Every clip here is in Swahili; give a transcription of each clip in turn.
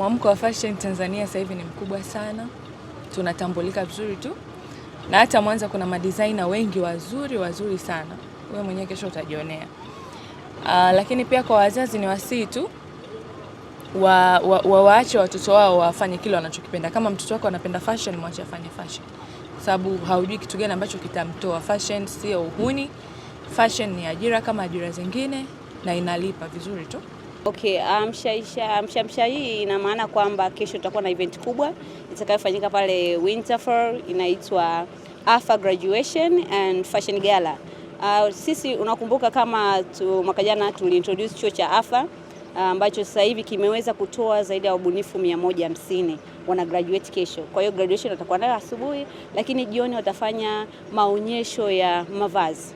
mwamko wa fashion Tanzania sasa hivi ni mkubwa sana, tunatambulika vizuri tu, na hata Mwanza kuna madesigner wengi wazuri wazuri sana, wewe mwenyewe kesho utajionea. Uh, lakini pia kwa wazazi ni wasii tu wa, wa, wa waache watoto wao wafanye kile wanachokipenda. Kama mtoto wako anapenda fashion, mwache afanye fashion, sababu haujui kitu gani ambacho kitamtoa. Fashion sio uhuni, fashion ni ajira kama ajira zingine na inalipa vizuri tu. Okay, amshamsha uh, um, hii ina maana kwamba kesho tutakuwa na event kubwa itakayofanyika pale Winterfell inaitwa Alpha Graduation and Fashion Gala. Uh, sisi unakumbuka kama mwaka jana tuliintroduce chuo cha Alpha uh, ambacho uh, sasa hivi kimeweza kutoa zaidi ya wabunifu 150 wana graduate kesho. Kwa hiyo graduation watakuwa nayo asubuhi, lakini jioni watafanya maonyesho ya mavazi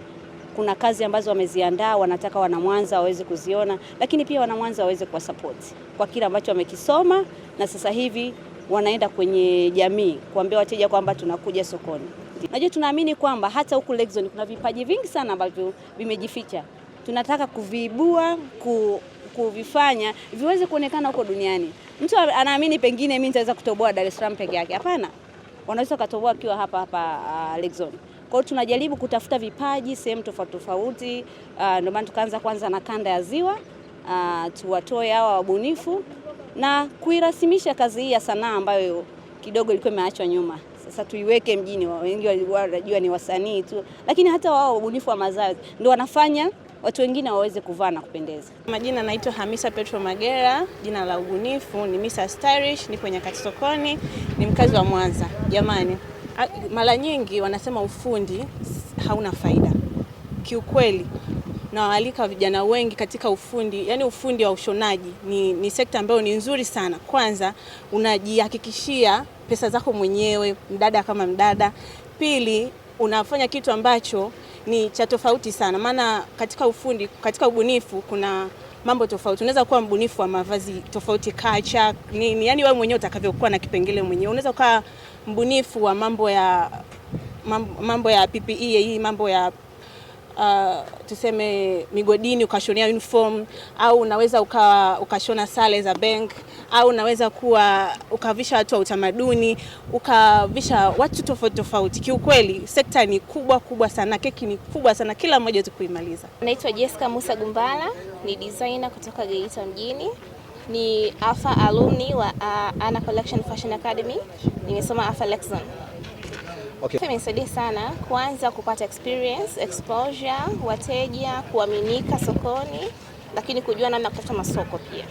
kuna kazi ambazo wameziandaa, wanataka wanamwanza waweze kuziona, lakini pia wanamwanza waweze kuwasapoti kwa kile ambacho wamekisoma, na sasa hivi wanaenda kwenye jamii kuambia wateja kwamba tunakuja sokoni. Najua tunaamini kwamba hata huku Lake kuna vipaji vingi sana ambavyo vimejificha, tunataka kuviibua ku kuvifanya viweze kuonekana huko duniani. Mtu anaamini pengine mimi nitaweza kutoboa Dar es Salaam peke yake. Hapana, wanaweza kutoboa akiwa hapa hapa uh, ah, Zone. Kwa hiyo tunajaribu kutafuta vipaji sehemu tofauti tofauti, ah, ndio maana tukaanza kwanza na kanda ya Ziwa, ah, tuwatoe hawa wabunifu na kuirasimisha kazi hii ya sanaa ambayo kidogo ilikuwa imeachwa nyuma. Sasa tuiweke mjini, wengi walikuwa wanajua ni wasanii tu, lakini hata wao wabunifu wa mazao ndio wanafanya watu wengine waweze kuvaa na kupendeza. Majina naitwa Hamisa Petro Magera, jina la ubunifu ni Misa Stylish, nipo nyakati sokoni, ni mkazi wa Mwanza. Jamani, mara nyingi wanasema ufundi hauna faida. Kiukweli nawaalika vijana wengi katika ufundi, yani ufundi wa ushonaji ni, ni sekta ambayo ni nzuri sana. Kwanza unajihakikishia pesa zako mwenyewe, mdada kama mdada. Pili unafanya kitu ambacho ni cha tofauti sana, maana katika ufundi, katika ubunifu kuna mambo tofauti. Unaweza kuwa mbunifu wa mavazi tofauti, kacha nini, yani wewe mwenyewe utakavyokuwa na kipengele mwenyewe, unaweza ukawa mbunifu wa mambo ya mambo ya PPE hii mambo ya uh, tuseme migodini ukashonia uniform au unaweza ukawa ukashona sare za bank au unaweza kuwa ukavisha watu wa utamaduni ukavisha watu tofauti tofauti. Kiukweli sekta ni kubwa kubwa sana, keki ni kubwa sana, kila mmoja tu kuimaliza. Naitwa Jessica Musa Gumbala, ni designer kutoka Geita mjini, ni alpha alumni wa uh, Ana Collection Fashion Academy nimesoma Alpha Lexon. Okay. Imenisaidia sana kwanza kupata experience, exposure, wateja, kuaminika sokoni, lakini kujua namna kutafuta masoko pia.